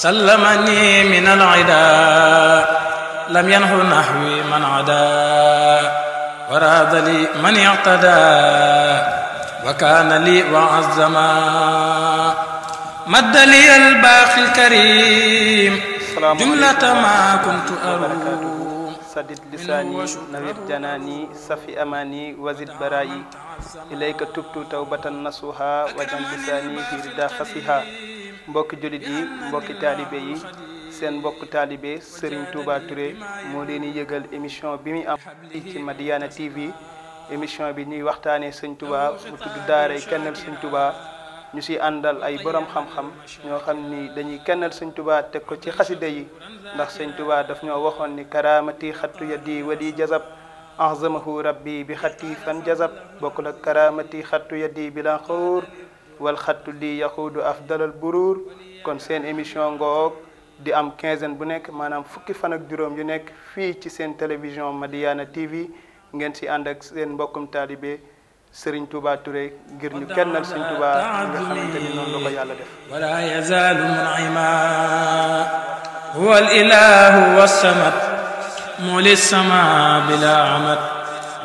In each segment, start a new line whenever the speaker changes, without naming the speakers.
سلمني من العداء لم ينه نحوي من عدا وراد لي من اعتدى وكان لي وعزما مد لي الباقي الكريم جملة ما كنت
أروم سدد لساني نوير جناني صفي أماني وزد برائي إليك تبت توبة نصوها وجنب لساني في ردا فصيها mbokk jullit yi mbokk talibé yi seen mbokk talibé Serigne Touba Touré mo leni yeugal émission bi mi am ci madiana TV émission bi ni waxtane serigne Touba mu daara ay kennel serigne Touba ñu ci àndal ay borom xam-xam ño xamni dañuy kennel serigne Touba tek ko ci xasida yi ndax serigne Touba daf ño waxon ni karamati khattu yaddi wadi jazab ahzamahu rabbi bi xatti jazab bokkul ak karaamati yaddi walxattu lii yahuudu afdalal buruur kon seen émission ngoog di am quinzaine bu nekk maanaam fukki fan ak juróom yu nekk fii ci seen télévision Madiyana TV ngeen si ànd ak seen mbokkum taalibe Serigne Touba Touré ngir ñu kennal Serigne Touba nga xamante ni noonu la ko yàlla def wala yazaalu mun'ima
huwa al-ilahu was-samad muli sama bila amad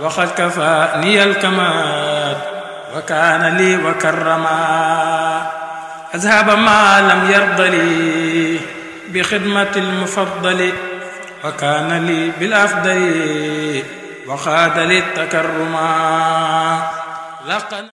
waxad kafa niyal kamal وكان لي وكرما أذهب ما لم يرض لي بخدمة المفضل وكان لي
بالأفضل وخاد لي التكرما لقد